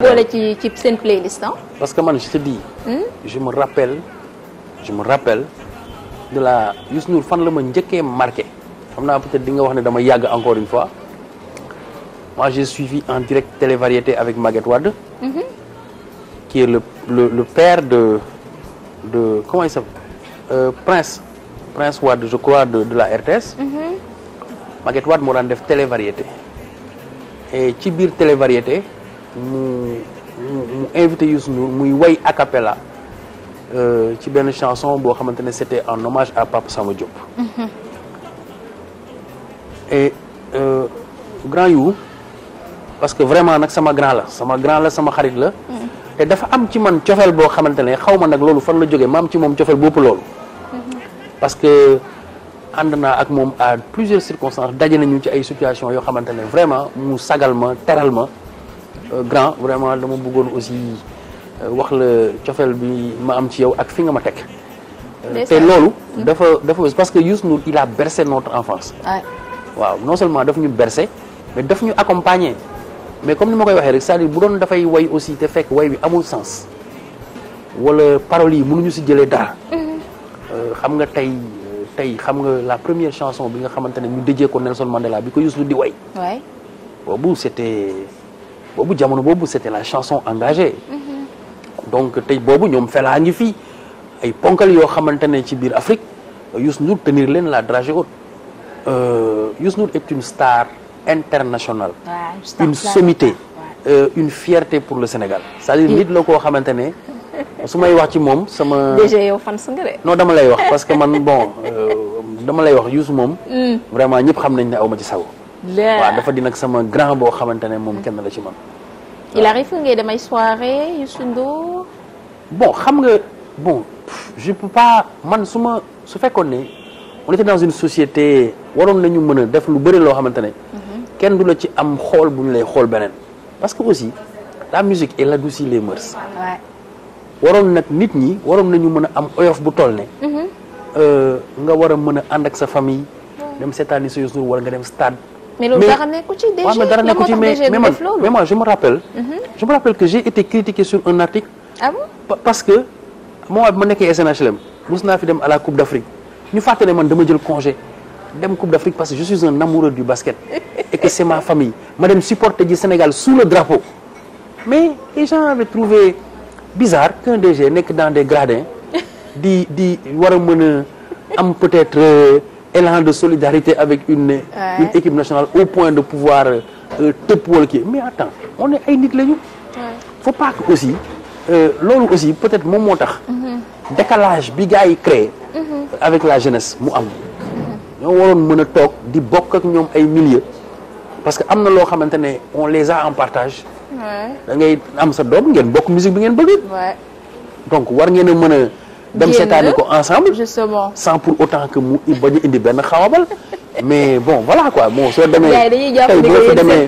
boole ci ci seen playlist parce que man je te dis. Hmm? je me rappelle de la Youssou Ndour fan la ma njëkkee marqué xam naa peut-être di nga wax ne dama yàgg encore une fois moi j'ai suivi en direct télévariété avec Maguette Wade. Mm -hmm. le le le de de comment il s'appelle euh, Prince Prince Wade je crois de de la RTS. Mm -hmm. moo daan def télévariété et ci biir télévariété. mu mu invité Youssou Ndour muy way a cappella euh, ci benn chanson boo xamante ne c'était un hommage à Papa sama Diop. e euh, grand yu parce que vraiment nag sama grand la sama sama xarit la. Mm-hmm. te dafa am ci man cofeel boo xamante ne xaw ma nag loolu fan la jógee ma am ci moom cofeel bopp loolu. Mm-hmm. parce que ànd naa ak moom a plusieurs circonstances daje nañu ci ay situation yoo xamante ne vraiment mu sagal ma teral ma. Euh, grand vraiment dama bëggoon aussi euh, wax la cofeel bi ma am ci yow ak fi nga ma teg. Euh, te loolu. Mm-hmm. dafa dafa parce que Youssou Ndour il a bercé notre enfance. waaw non seulement daf ñu berse mais daf ñu accompagner mais comme ni ma koy waxee rek sa dire bu doon dafay way aussi te fekk woy bi amul sens wala paroles yi mënuñu si jëlee dara. Mm-hmm. xam nga tey tey xam nga la première chanson bi nga xamante ne ñu déjee ko Nelson Mandela bi ko Youssou di way. waay boobu c'était boobu jamono boobu c'était la chanson engagée mm-hmm. donc tey boobu ñoom felaa ngi fii ay ponkal yoo xamante ne ci biir Afrique Youssou Ndour tenir leen la dragée haute euh, Youssou Ndour est une star internationale une sommité euh, une fierté pour le Sénégal c'est-à-dire nit la koo xamante ne su may wax ci moom sama déjà fan sa nga dama lay wax parce que man bon euh, dama lay wax Youssou moom mm. vraiment ñëpp xam nañ ne aw ma ci sago waaw dafa di nag sama grand boo xamante ne moom kenn la ci man. il arrive ngay dem ay soirée Youssou Ndour bon xam nga bon je pour pas man su ma su fekkoon ne on était dans une société waroon nañu mën a def lu bëri loo xamante ne. Mhm. kenn du la ci am xool bu ñu lay xool beneen. parce que aussi la musique elle adoucit les mœurs. waroon nag nit ñi waroon nañu mën a am oyof bu toll ne. Mhm. Euh, nga war a mën a ànd ak sa famille. dem seetaani sa Youssou Ndour wala nga dem stade. mais loolu dara nekku dara nekku mais mais man mais moi mhm. je me rappelle. que j'ai été critiqué sur un article. ah parce que moment ma nekkee SNHLM mos naa fi dem à la Coupe d'Afrique ñu fàtte ne man dama jël congé dem Coupe d'Afrique parce que je suis un amoureux du basket et que c'est ma famille ma dem supporter ji Sénégal sous le drapeau mais les gens avaient trouvé bizarre qu'un DG nekk dans des gradins di di war a mën am peut-être. Euh, élan de solidarité avec une, ouais. une équipe nationale au point de pouvoir euh, tëpp wala kii mais attends on est ay nit la ñu. faut pas aussi euh, loolu aussi peut-être moom moo tax. Mhm. décalage bi gars yi créé. Mhm. avec la jeunesse mu am. ñoo waroon mën a toog di bokk ak ñoom ay milieux parce que am na loo xamante ne on les a en partage. da ngay am sa doom ngeen bokk musique bi ngeen bëgg. donc war ngeen a mën a. dem seetaani ko ensemble. justement sans pour autant que mu bañ a indi benn xawabal mais bon voilà quoi bon soo demee. gars yi dañuy jàpp boo demee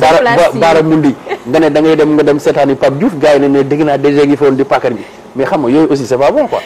Baara Baara Mundi nga ne da ngay dem nga dem seetaani Pape Diouf gars yi ne ne dégg naa DG gi fa woon di pàkkar bi mais xam nga yooyu aussi c'est pas bon quoi.